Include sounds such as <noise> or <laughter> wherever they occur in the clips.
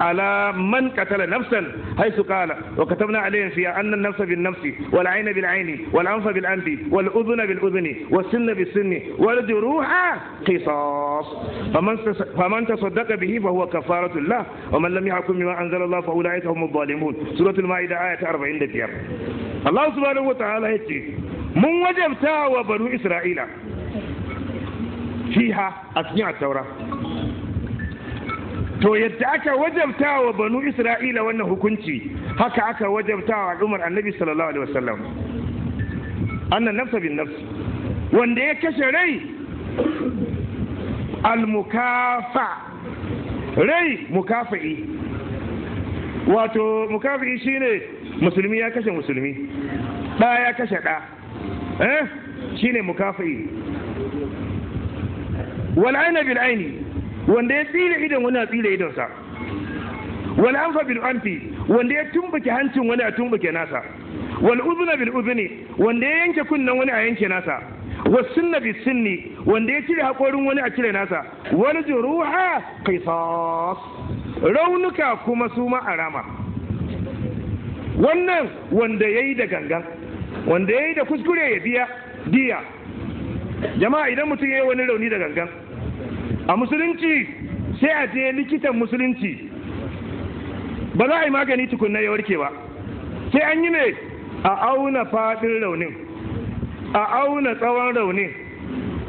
على من قتل نفسا حيث قال وكتبنا عليهم فيها أن النفس بالنفس والعين بالعين والأنف بالأنف والأذن بالأذن والسن بالسن والجروح قصاص فمن فمن تصدق به فهو كفارة الله ومن لم يحكم بما أنزل الله فأولئك هم الظالمون سورة المائدة آية 45 الله سبحانه وتعالى يتي من وجبتا وبنو إسرائيل فيها أثناء التوراة to yadda aka wajabta wa banu isra'ila wannan hukunci haka aka wajabta wa al'ummar annabi sallallahu alaihi wasallam annan nafsa bin nafs wanda ya kashe rai al-mukafa rai mukafa'i wato mukafa'i shine musulmi ya kashe musulmi ɗa ya kashe ɗa eh shine mukafa'i wal aina bil aini wanda ya tsira idan wani a tsira idansa wal anfa bil anfi wanda ya tumbuke hancin wani a tumbuke nasa wal uzna bil uzni wanda ya yanke kunnen wani a yanke nasa wa sunna bis sunni wanda ya cire hakorin wani a cire nasa wal juruha qisas raunuka kuma su ma rama wannan wanda yayi da gangan wanda yayi da kuskure ya biya diya jama'a idan mutum yayi wani rauni da gangan a musulunci sai a je likitan musulunci ba za a yi magani tukunna ya warke ba sai an yi ne a auna faɗin raunin a auna tsawon raunin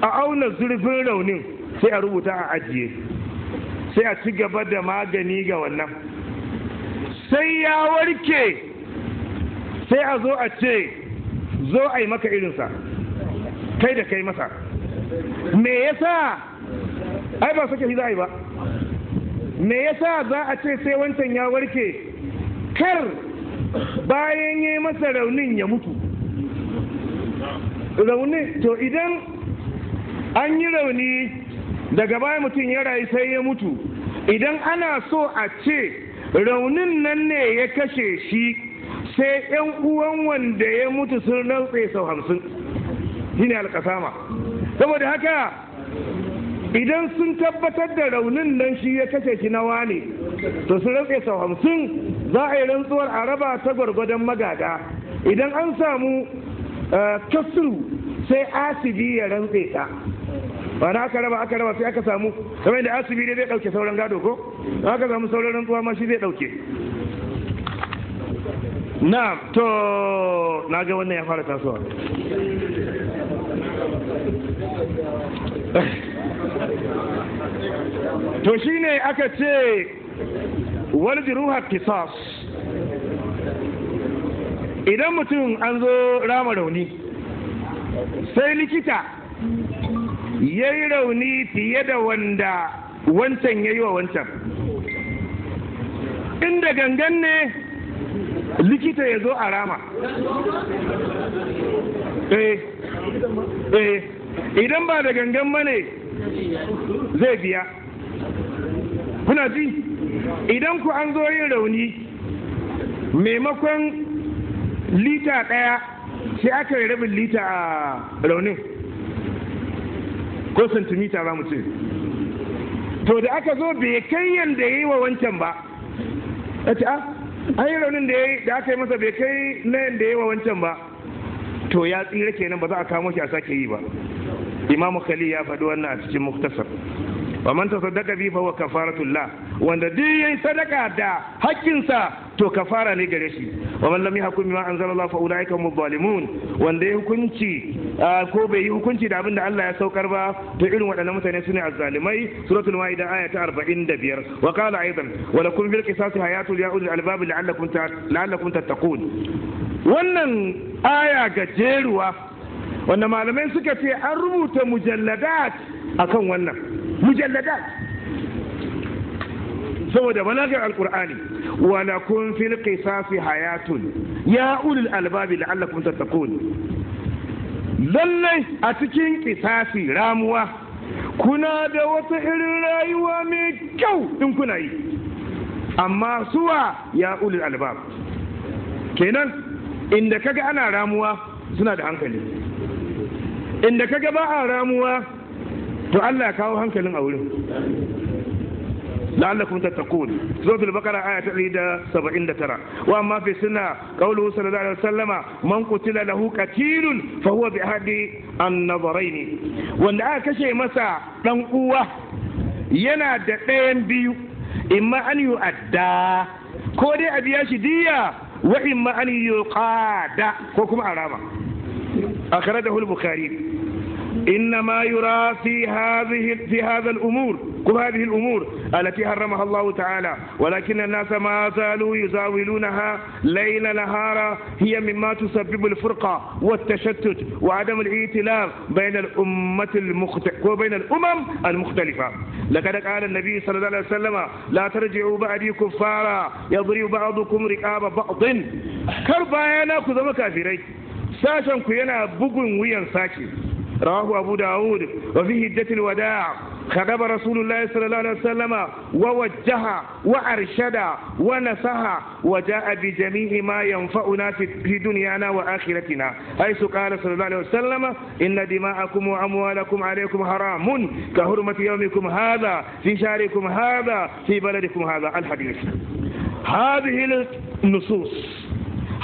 a auna zurfin raunin sai a rubuta a ajiye sai a ci gaba da magani ga wannan sai ya warke sai a zo a ce zo a yi maka irinsa kai da kai masa me yasa ai ba sake shi ba me yasa za a ce sai wancan ya warke kar bayan yi masa raunin ya mutu rauni to idan an yi rauni daga baya mutum ya rayu sai ya mutu idan ana so a ce raunin nan ne ya kashe shi sai 'yan uwan wanda ya mutu sun rantse sau hamsin shine alkasama saboda haka idan sun tabbatar da raunin nan shi ya kashe shi na wane to su rantse sau hamsin za a yi rantsuwar a raba ta gwargwadon magada idan an samu eh, kasuru sai asibi ya rantse ta ba na aka raba aka raba sai aka samu kamar da asibi ne zai dauke sauran gado ko aka samu sauran rantsuwa ma shi zai dauke na to na ga wannan ya fara tasowa <laughs> to shi ne aka ce wani jiruha kisas? idan mutum an zo rama rauni sai likita ya yi rauni fiye da wanda wancan ya yi wa wancan inda gangan ne likita ya zo a rama eh eh idan ba da gangan ba ne zai biya kuna ji idan ku an zo yin rauni maimakon lita ɗaya sai aka yi rabin lita a raunin ko santimita za mu ce to da aka zo bai kai yadda ya yi wa wancan ba a ce ah, an yi raunin da aka yi masa bai kai na yadda ya yi wa wancan ba to ya tsira kenan ba za a kamo shi a sake yi ba imam khali ya faɗi wannan a cikin muktasar wa man tasaddaqa bi fa huwa kafaratullah wanda duk yayi sadaka da hakkinsa to kafara ne gare shi wa man lam yahkum bima anzalallahu fa ulaika hum zalimun wanda ya hukunci ko bai yi hukunci da abin da Allah ya saukar ba to irin waɗannan mutane sune azzalimai suratul maida aya ta 45 wa qala aidan wa lakum bil qisas Hayatu ya ulil albab la'allakum la'allakum tattaqun wannan aya gajeruwa wanda malamai suka ce an rubuta mujalladat kan wannan mujalladat saboda balagar alkur'ani wala kun fil qisasi hayatun ya ulul albabi la'allakum tattaqun lallai a cikin qisasi ramuwa kuna da wata irin rayuwa mai kyau in kuna yi amma suwa ya ulul albab kenan inda kaga ana ramuwa suna da hankali inda ka ga ba a to Allah kawo hankalin a wurin la'allakum tattaqun zo fil baqara aya ta 179 wa amma fi sunna qawlu sallallahu alaihi wasallama man qutila lahu katirun fa huwa bi ahadi an-nadharain wanda aka kashe masa dan uwa yana da ɗayan biyu imma an yu'adda ko dai a biya shi diya wa imma an yuqada ko kuma a rama أخرجه البخاري إنما يرى في هذه في هذا الأمور كل هذه الأمور التي حرمها الله تعالى ولكن الناس ما زالوا يزاولونها ليل نهارا هي مما تسبب الفرقة والتشتت وعدم الائتلاف بين الأمة المخت... وبين الأمم المختلفة لقد قال النبي صلى الله عليه وسلم لا ترجعوا بعدي كفارا يضرب بعضكم رقاب بعض كربا يا كذا كافرين ساشن كينا بوغن bugun wuyan راهو أبو داود وفيه wa الوداع خدم خطب رسول الله صلى الله عليه وسلم ووجه وأرشد ونصح وجاء بجميع ما ينفعنا في دنيانا وآخرتنا حيث قال صلى الله عليه وسلم إن دماءكم وأموالكم عليكم حرام كهرمة يومكم هذا في شهركم هذا في بلدكم هذا الحديث هذه النصوص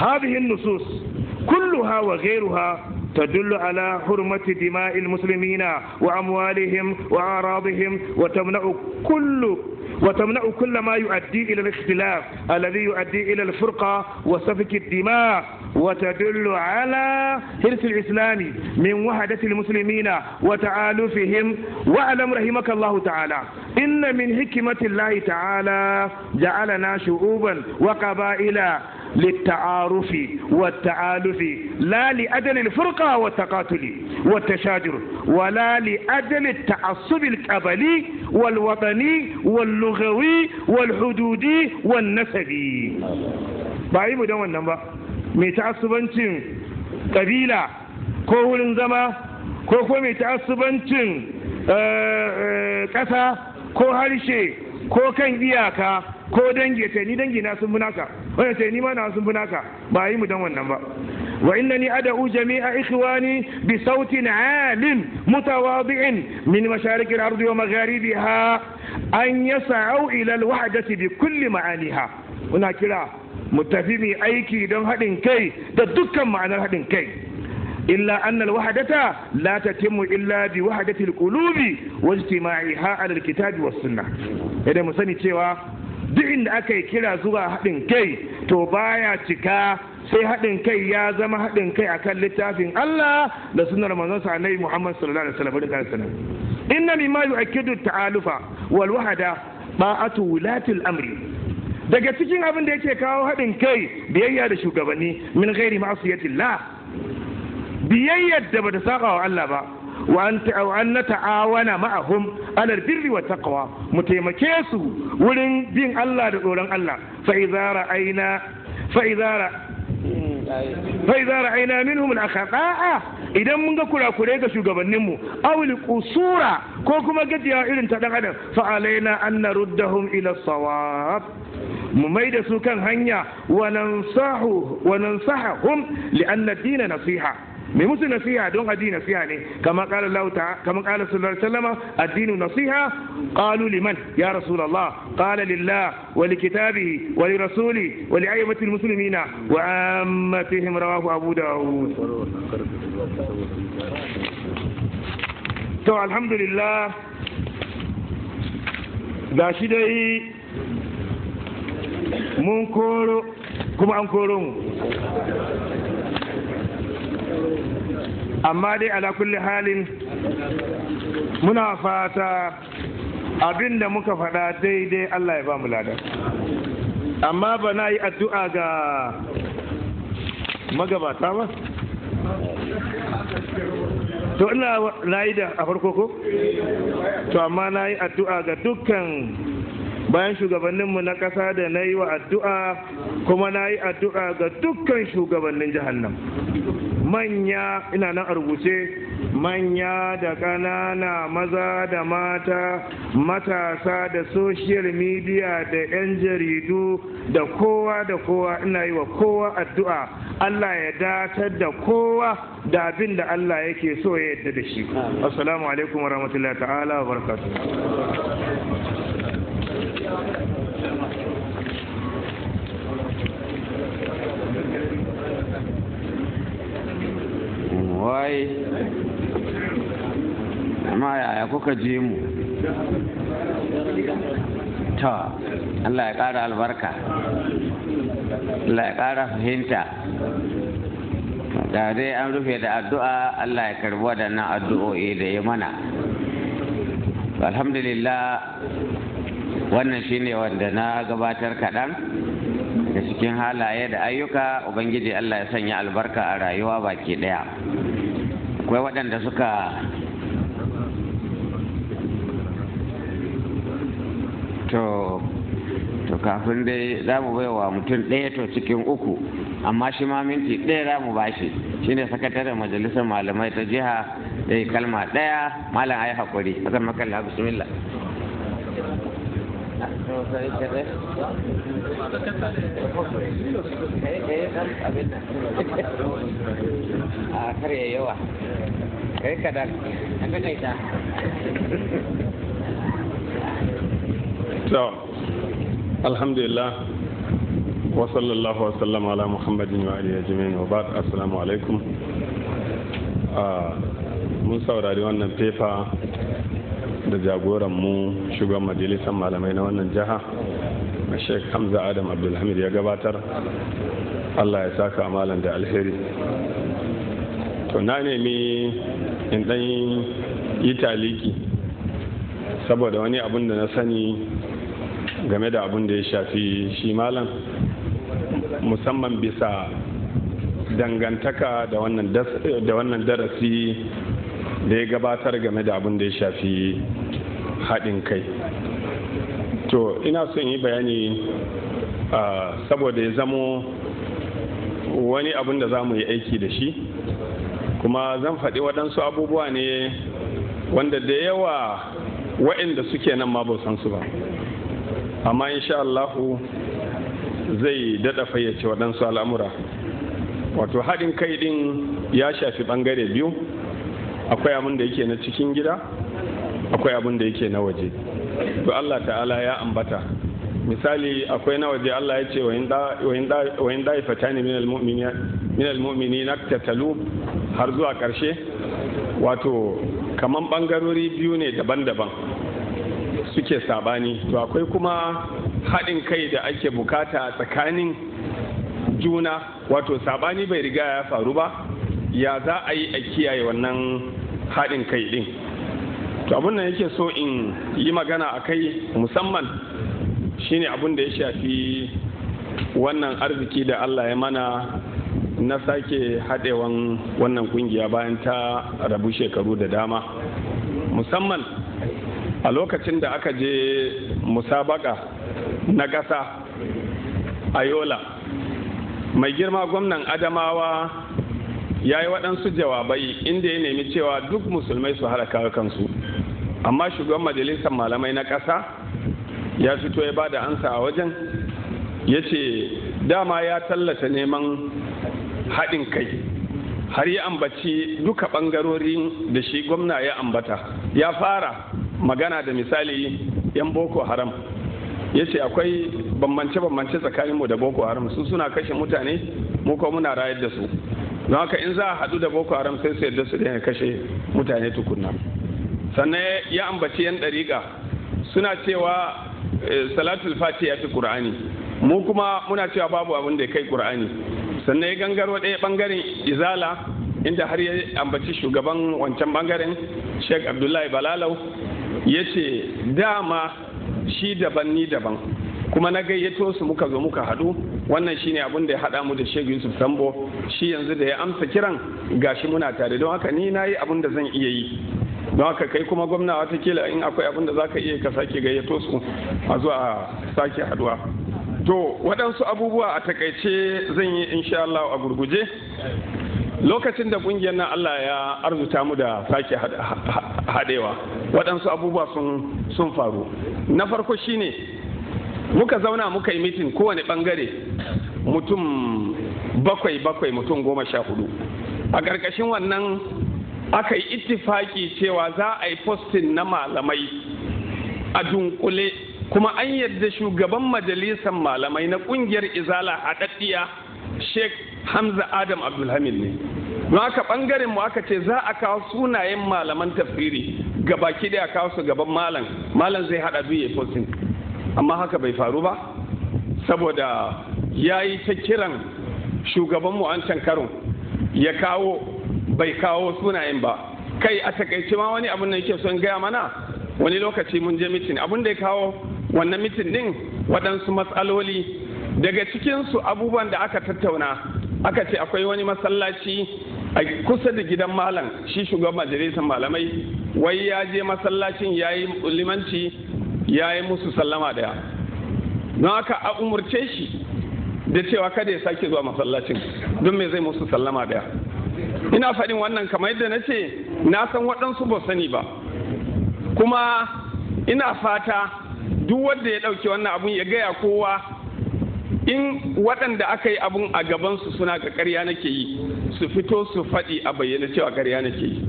هذه النصوص كلها وغيرها تدل على حرمة دماء المسلمين وأموالهم وأعراضهم وتمنع كل وتمنع كل ما يؤدي إلى الاختلاف الذي يؤدي إلى الفرقة وسفك الدماء وتدل على حرص الإسلام من وحدة المسلمين وتعالفهم واعلم رحمك الله تعالى إن من حكمة الله تعالى جعلنا شعوبا وقبائل للتعارف والتعالف لا لأدنى الفرقة والتقاتل والتشاجر ولا لأدنى التعصب القبلي والوطني واللغوي والحدودي والنسبي باي مدام النمبر مي تعصب قبيلة كوهل زما كوهو مي تعصب آه، آه، كسا كوهالشي كوكا إياكا كو دنجي تاني دنجي ناس مناكا wanda ce ni ma na sun naka ba yi mu dan wannan ba wa ni ada'u jami'a ikhwani bi sautin 'alin mutawadi'in min masharik al-ardi wa magharibiha an yas'u ila al-wahdati bi kulli ma'aniha muna kira mu tafi mai aiki don haɗin kai da dukkan ma'anar haɗin kai illa anna al-wahdata la tatimmu illa bi wahdati al-qulubi wa ijtima'iha ala al-kitabi was sunnah idan mu sani cewa duk inda aka yi kira zuwa haɗin kai to baya cika sai haɗin kai ya zama haɗin kai akan littafin Allah da sunar manzon sa Annabi Muhammad sallallahu alaihi wasallam da sallam inna mimma yu'akkidu ta'alufa wal wahada ba'atu wulatil amri daga cikin abin da yake kawo haɗin kai biyayya da shugabanni min ghairi ma'asiyatillah biyayyar da bata saba wa Allah ba wa'an na ta'awana ma'ahum alal birri wa taqwa mu taimake su wurin bin Allah da tsoron Allah fa'izara aina fa'izara fa'izara aina minhum idan mun ga kurakure ga shugabanninmu awil kusura ko kuma gajiyawa irin ta dan adam fa alaina an ila sawab mu mai da su kan hanya wa nansahum li anna dina nasiha mai musu nasiha don addini nasiha ne kama kala Allah ta kama kala sallallahu alaihi wasallama addinu nasiha qalu liman ya rasulullah qala lillah wa li kitabihi wa li rasuli wa li ayyamatil muslimina wa ammatihim rawahu abu daud to alhamdulillah gashi dai mun koro kuma an koro mu amma dai ala kulli halin muna fata abin da muka faɗa daidai Allah ya ba mu lada amma ba na yi addu'a ga magabata ba to ina na yi da a farko ko to amma na yi addu'a ga dukkan bayan shugabanninmu na ƙasa da na yi wa addu'a kuma na yi addu'a ga dukkan shugabannin jihar nan manya ina nan a rubuce manya da ƙanana maza da mata matasa da social media da 'yan jaridu da kowa da kowa ina yi wa kowa addu'a Allah ya datar da kowa da abin da Allah yake so ya yadda da shi assalamu alaikum wa rahmatullahi ta'ala wa barakatuh wai amma yaya kuka je mu ta Allah ya ƙara albarka Allah ya ƙara fahimta da an rufe da addu'a Allah ya karbi waɗannan addu'o'i da ya mana alhamdulillah wannan shine wanda na gabatar kaɗan daga cikin halaye da ayyuka ubangiji Allah ya sanya albarka a rayuwa baki ɗaya akwai waɗanda suka to to kafin dai za mu baiwa mutum ɗaya to cikin uku amma shi ma minti ɗaya za mu bashi shine sakataren majalisar malamai ta jiha dai kalma ɗaya malam ayi hakuri akan makalla bismillah no sabéis qué Kai da. kai ta. Alhamdulillah. wa sallallahu wa wa wa ba'd assalamu alaikum ah, mun saurari wannan fefa da jagoran mu shugaban majalisar malamai na wannan jiha Sheikh Hamza Adam Abdulhamid ya gabatar Allah ya saka malam da alheri to na nemi in ɗan yi taliki saboda wani abin da na sani game da abin da ya shafi shi malam musamman bisa dangantaka da wannan darasi da ya gabatar game da abin da ya shafi haɗin kai to ina son yi bayani saboda ya zamo wani abin da za mu yi aiki da shi kuma zan faɗi waɗansu abubuwa ne wanda da yawa waɗanda suke nan ma san su ba amma insha Allahu zai daɗa fayyace waɗansu al'amura wato haɗin kai ɗin ya shafi ɓangare biyu akwai abin da yake na cikin gida akwai abin da yake na waje to Allah ta'ala ya ambata misali akwai na waje Allah ya ce wa in da'ifata ne min al na tattalu har zuwa ƙarshe wato kaman ɓangarori biyu ne daban-daban suke sabani to akwai kuma haɗin kai da ake bukata tsakanin juna wato sabani bai riga ya faru ba ya za a yi a kiyaye wannan haɗin kai ɗin to abin da yake so in yi magana a kai musamman shine abin da ya shafi wannan arziki da allah ya mana na sake haɗewan wannan kungiya bayan ta rabu shekaru da dama musamman a lokacin da aka je musabaka na ƙasa a yola mai girma gwamnan adamawa ya yi waɗansu jawabai inda ya nemi cewa duk musulmai su halaka kansu amma shugaban majalisar malamai na ƙasa ya fito ya ba da ansa a wajen ya ce dama ya tallata neman haɗin kai har ya ambaci duka ɓangarorin da shi gwamna ya ambata ya fara magana da misali 'yan boko haram ya ce akwai bambance-bambance tsakaninmu da boko haram su suna kashe mutane mu muna rayar da su don haka in za a haɗu da boko haram sai su da su kashe mutane tukunna sannan ya ambaci yan ɗariƙa suna cewa eh, salatul fati ya fi ƙur'ani mu kuma muna cewa babu abin da ya kai ƙur'ani sannan ya gangaro ɗaya ɓangaren izala inda har ya ambaci shugaban wancan ɓangaren sheikh abdullahi balalau ya ce dama shi daban ni daban kuma na gayyato su muka zo muka haɗu wannan shine abin da ya haɗa mu da Sheikh Yusuf Sambo shi yanzu da ya amsa kiran gashi muna tare don haka ni nayi abin da zan iya yi don haka kai kuma gwamna wata kila in akwai abin da zaka iya ka sake gayyato su a zuwa a sake haɗuwa to waɗansu abubuwa a takaice zan yi insha Allah a gurguje lokacin da kungiyar nan Allah ya arzuta mu da sake haɗewa waɗansu abubuwa sun faru na farko shine muka zauna muka yi mitin kowane bangare mutum bakwai bakwai mutum goma sha hudu a ƙarƙashin wannan aka yi ittifaki cewa za a yi fostin na malamai a dunkule kuma an yadda shugaban majalisar malamai na ƙungiyar izala haɗaɗɗiya sheikh hamza adam abdulhamid ne don haka ɓangaren mu aka ce za a kawo sunayen malaman tafsiri ga da a kawo su gaban malam malam zai haɗa biyu ya fostin amma haka bai faru ba saboda ya yi ta kiran shugabanmu an can karon ya kawo bai kawo sunayen ba kai a takaice ma wani abin da yake son gaya mana wani lokaci mun je mitin abin da ya kawo wannan mitin din waɗansu matsaloli daga cikinsu abubuwan da aka tattauna aka ce akwai wani masallaci a kusa da gidan malam shi shugaban majalisar malamai wai ya je masallacin ya yi limanci ya yi musu sallama daya don haka a umurce shi da cewa kada ya sake zuwa masallacin don me zai musu sallama daya ina faɗin wannan kamar yadda na ce na san waɗansu ba sani ba kuma ina fata duk wanda ya ɗauki wannan abun ya gaya kowa in waɗanda aka yi abun a gabansu suna ga ƙarya nake yi su fito su faɗi a bayyana cewa ƙarya nake yi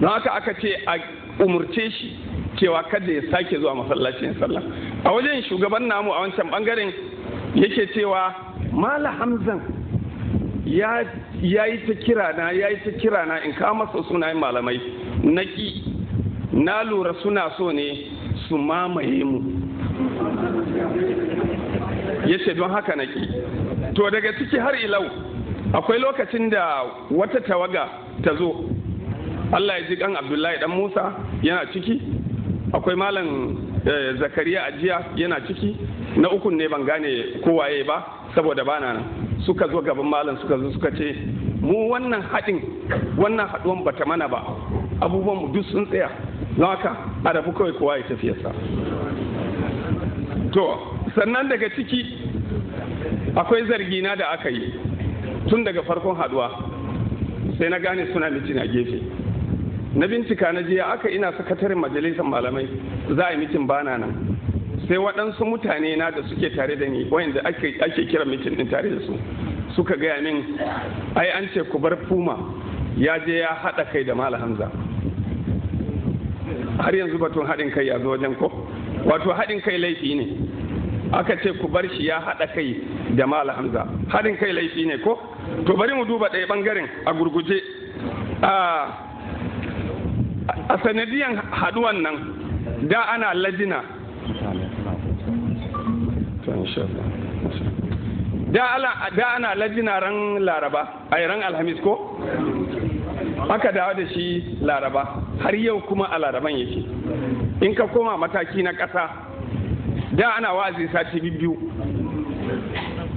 don haka aka ce a umurce shi cewa kada ya sake zuwa masallacin sallah a wajen shugaban namu a wancan bangaren yake cewa mala hamzan ya yi ta kira na ya yi ta kira na in kawo masa sunayen malamai naki na lura suna so ne su mamaye mu ya ce don haka naki to daga ciki har ilau akwai lokacin da wata tawaga ta zo Allah ya ji kan Abdullahi dan Musa yana ciki akwai malam eh, zakariya ajiya yana ciki na ukun ne ban gane kowaye ba saboda bana nan suka zo gaban malam suka zo suka ce mu wannan haɗin wannan haɗuwan bata mana ba abubuwan mu duk sun tsaya don haka a kawai kowa ya tafiyarsa to sannan daga ciki akwai zargi na da aka yi tun daga farkon haɗuwa sai na gane suna mijina gefe na bincika na jiya aka ina sakataren majalisar malamai za a yi mitin bana nan sai waɗansu mutane na da suke tare da ni wayanda ake kira mitin ɗin tare da su suka gaya min ai an ce ku bar fuma ya je ya haɗa kai da mala hamza har yanzu batun haɗin kai ya zo wajen ko wato haɗin kai laifi ne aka ce ku bar shi ya haɗa kai da mala hamza haɗin kai laifi ne ko to bari mu duba ɗaya ɓangaren a gurguje a ah, a sanadiyan haduwan nan da ana lajina da ana lajina ran laraba a ran alhamis ko aka dawo da shi laraba har yau kuma a laraban yake in ka koma mataki na ƙasa da ana wa'azi sati biyu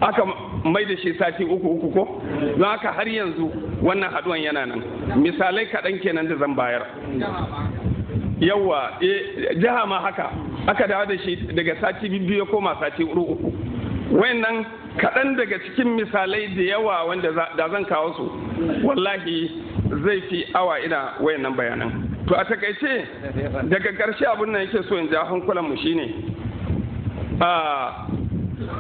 aka mai da shi sati uku uku ko don haka har yanzu wannan haduwan yana nan misalai kaɗan kenan da zan bayar yawa eh, jiha ma haka aka dawo da shi daga sati biyu ya koma sati uku uku wayannan kaɗan daga cikin misalai da yawa wanda da zan kawo su wallahi zai fi awa ina wayannan bayanan to a takaice daga ƙarshe abin nan yake so in ja hankulan mu shine a ah,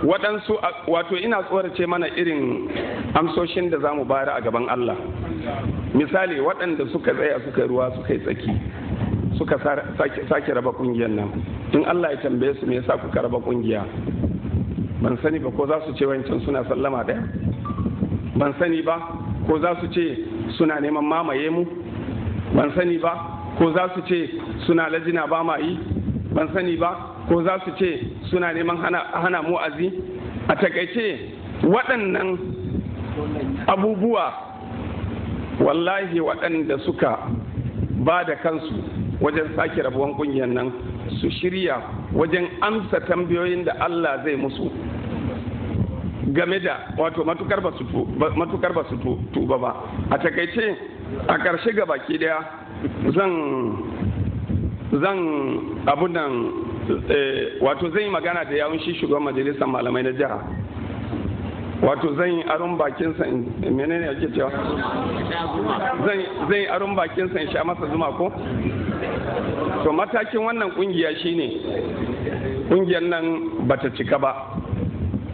waɗansu wato ina tsorace mana irin amsoshin da za mu bayar a gaban Allah misali waɗanda suka tsaya suka ruwa suka yi tsaki suka sake raba kungiyar nan in Allah ya tambaye su me yasa kuka raba kungiya ban sani ba ko za su ce wancan suna sallama ɗaya ban sani ba ko za su ce suna neman mamaye mu ban sani ba ko za su ce suna lajina ba ma yi ban sani ba ko za su ce suna neman hana mu'azi a takaice waɗannan abubuwa wallahi waɗanda suka ba da kansu wajen sake rabuwan ƙungiyar nan su shirya wajen amsa tambayoyin da Allah zai musu game da wato matukar ba su tuba ba a takaice a ƙarshe ga baki daya zan zan nan eh, wato zan yi magana da yawun shi shugaban majalisar malamai na jiha wato zan yi aron bakin sa menene ake cewa zan yi aron bakinsa in sha masa zuma ko to matakin wannan kungiya shine kungiyar nan bata cika ba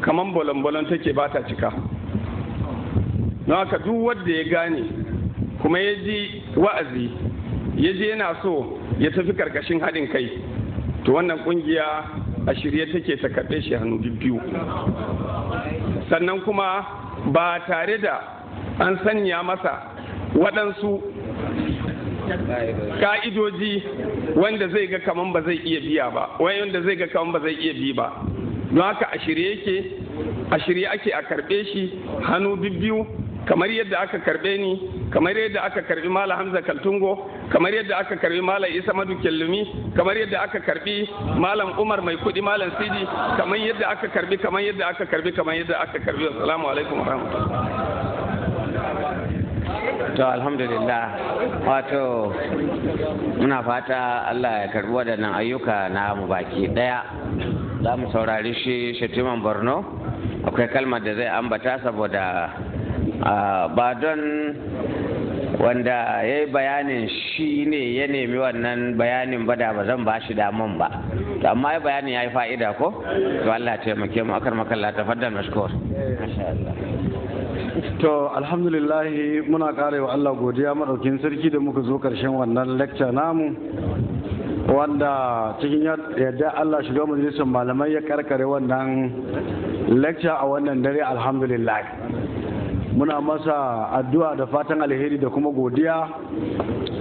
kaman bolon-bolon take bata cika don haka duk wanda ya gane kuma ya ji wa'azi ya je yana so ya tafi karkashin haɗin kai to wannan kungiya a shirye take ta karɓe shi hannu biyu sannan kuma ba tare da an sanya masa waɗansu ka'idoji wanda zai ga kaman ba zai iya biya ba wanda zai ga kaman ba zai iya bi ba don haka a shirye yake a shirye ake a karɓe shi hannu biyu kamar yadda aka karɓe ni kamar yadda aka karbi mala hamza kaltungo kamar yadda aka karbi mala isa madu kyallumi kamar yadda aka karbi malam umar mai kudi malam sidi kamar yadda aka karbi kamar yadda aka karbi kamar yadda aka karbi assalamu alaikum warahmatullahi to alhamdulillah wato muna fata Allah ya karbi waɗannan ayyuka na mu baki ɗaya. za mu saurari shi shatiman borno akwai kalmar da zai ambata saboda ah, ba don wanda ya yi bayanin shi ne ya nemi wannan bayanin bada ba zan ba shi daman ba to amma ya bayanin ya yi fa'ida ko to Allah taimake mu akar makalla ta faddal mashkur to alhamdulillah muna kare wa Allah godiya madaukin sarki da muka zo karshen wannan lecture namu wanda cikin yadda Allah shiga majalisar malamai ya karkare wannan lecture a wannan dare alhamdulillah muna masa addu'a da fatan alheri da kuma godiya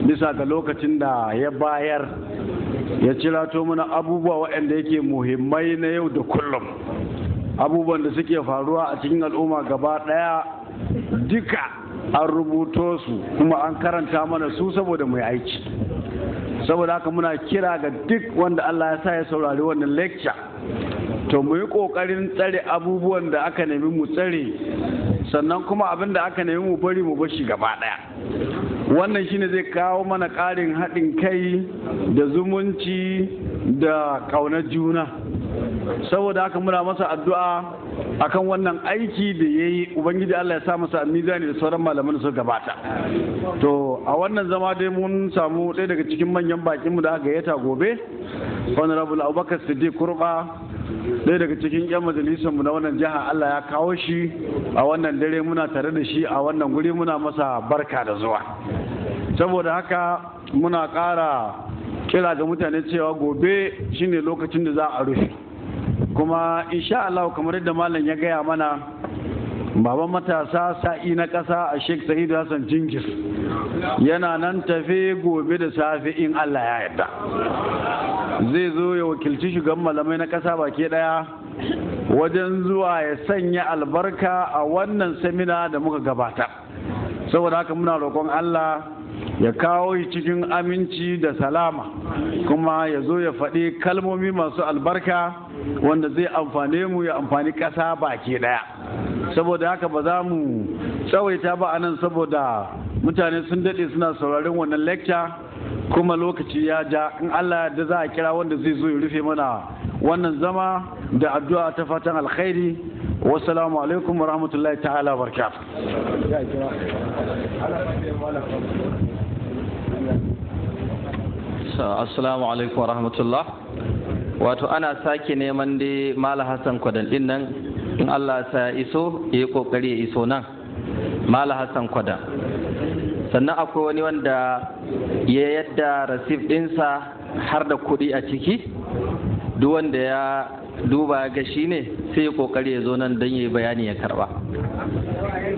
bisa ga lokacin da ya bayar ya cirato mana abubuwa waɗanda yake muhimmai na yau da kullum abubuwan da suke faruwa a cikin al'umma gaba ɗaya duka an rubuto su kuma an karanta mana su saboda mai aiki saboda haka muna kira ga duk wanda Allah ya sa ya saurari wannan lecture to mu yi ƙoƙarin tsare abubuwan da aka nemi mu tsare sannan kuma abin da aka nemi mu bari mu bashi gaba ɗaya wannan shine zai kawo mana ƙarin haɗin kai da zumunci da ƙaunar juna saboda haka muna masa addu'a akan wannan aiki da ya yi ubangiji Allah ya sa masa mizani da sauran malaman su gabata to a wannan zama dai mun samu ɗaya daga cikin manyan bakinmu da aka gayyata gobe honorable abubakar siddiq kurba ɗaya daga cikin 'yan majalisar mu na wannan jiha Allah ya kawo shi a wannan dare muna tare da shi a wannan guri muna masa barka da zuwa saboda haka muna ƙara kira ga mutane cewa gobe shine lokacin da za a rufe kuma insha Allah kamar yadda malam ya gaya mana baban matasa sa'i na ƙasa a sheik sa'idu hassan jingis yana nan tafe gobe da safe in allah ya yarda zai zo ya wakilci shugaban malamai na ƙasa baki ɗaya wajen zuwa ya sanya albarka a wannan samina da muka gabata saboda haka muna roƙon Allah ya kawo shi cikin aminci da salama kuma ya zo ya faɗi kalmomi masu albarka wanda zai amfane mu ya amfani ƙasa baki ɗaya saboda haka ba za mu tsawaita ba anan nan saboda mutane sun daɗe suna saurarin wannan lecture kuma lokaci ya ja in Allah da za a kira wanda zai zo ya rufe mana wannan zama da addu'a ta fatan alkhairi wassalamu alaikum wa rahmatullahi ta'ala barka assalamu alaikum wa rahmatullah wato ana sake neman dai mala hassan kwadan din nan in Allah sa iso ya yi kokari ya iso nan mala hassan kwadan sannan akwai wani wanda ya yadda rasif ɗinsa har da kuɗi a ciki duk wanda ya duba ga shi ne sai ya kokari ya zo nan don ya yi bayani ya karba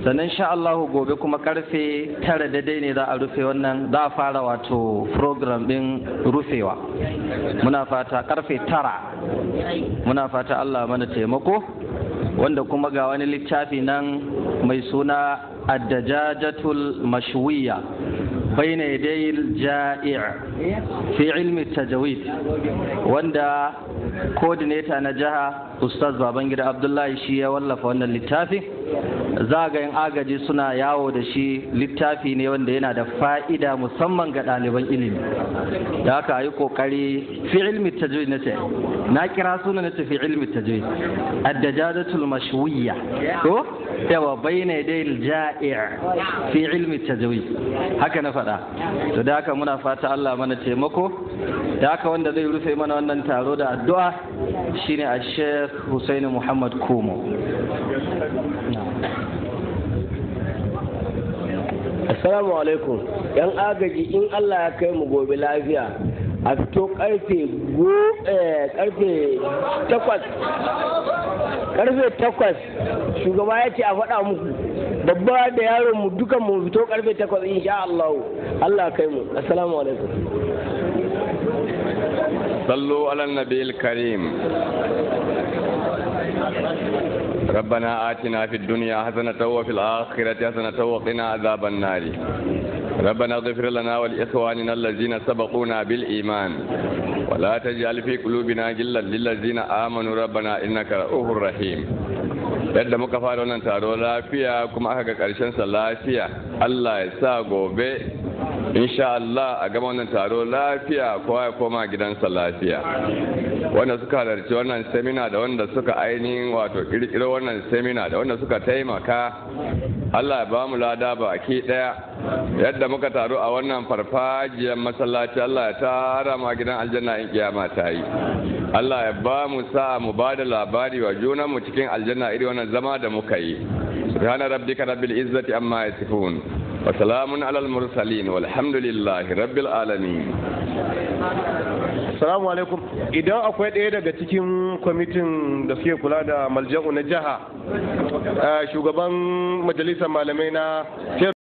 sannan sha'allahu gobe kuma karfe tara dai ne za a rufe wannan za a fara wato program din rufewa muna fata karfe tara muna fata Allah mana taimako wanda kuma ga wani littafi nan mai suna addajajatul mashwiya baina yadayil ja'ir fi ilmi tajawid wanda coordinator na jiha ustaz babangida abdullahi shi ya wallafa wannan littafi yin agaji suna yawo da shi littafi ne wanda yana da fa'ida musamman ga ɗaliban ilimi da aka yi kokari fi ilmi tajwid na ce na kira suna na ce fi ilmi tajwid addajadatul mashwiyya ko yawa bayna yadayil fi ilmi tajwid haka na faɗa to da haka muna fata Allah mana taimako da haka wanda zai rufe mana wannan taro da addu'a shine a Hussaini Muhammad Komo. Assalamu alaikum, ‘yan agaji in Allah ya kai mu gobe lafiya, a fito karfe eh, karfe takwas, karfe takwas shugaba ya ce a faɗa muku, babba da yaron mu duka mu fito karfe takwas insha Allah, Allah kai mu, Assalamu alaikum. صلوا على النبي الكريم ربنا آتنا في الدنيا حسنة وفي الآخرة حسنة وقنا عذاب النار ربنا اغفر لنا ولإخواننا الذين سبقونا بالإيمان ولا تجعل في قلوبنا غلا للذين آمنوا ربنا إنك رؤوف رحيم yadda muka fara wannan taro lafiya kuma aka ga ƙarshen sa lafiya Allah ya sa gobe insha Allah a gama wannan taro lafiya kowa ya koma gidansa lafiya wanda suka halarci wannan semina da wanda suka ainihin wato kirkiro wannan semina da wanda suka taimaka Allah ya bamu lada ke daya yadda muka taro a wannan farfajiyar masallaci Allah ya tara ma gidan aljanna in kiyama ta yi Allah ya bamu sa mu ba da labari wa mu cikin aljanna iri wannan zama da muka yi subhana rabbika rabbil izzati amma yasifun وسلام على المرسلين والحمد لله رب العالمين Salamu alaikum idan akwai ɗaya daga cikin kwamitin da suke kula da malja'u na jiha eh, shugaban majalisar malamai na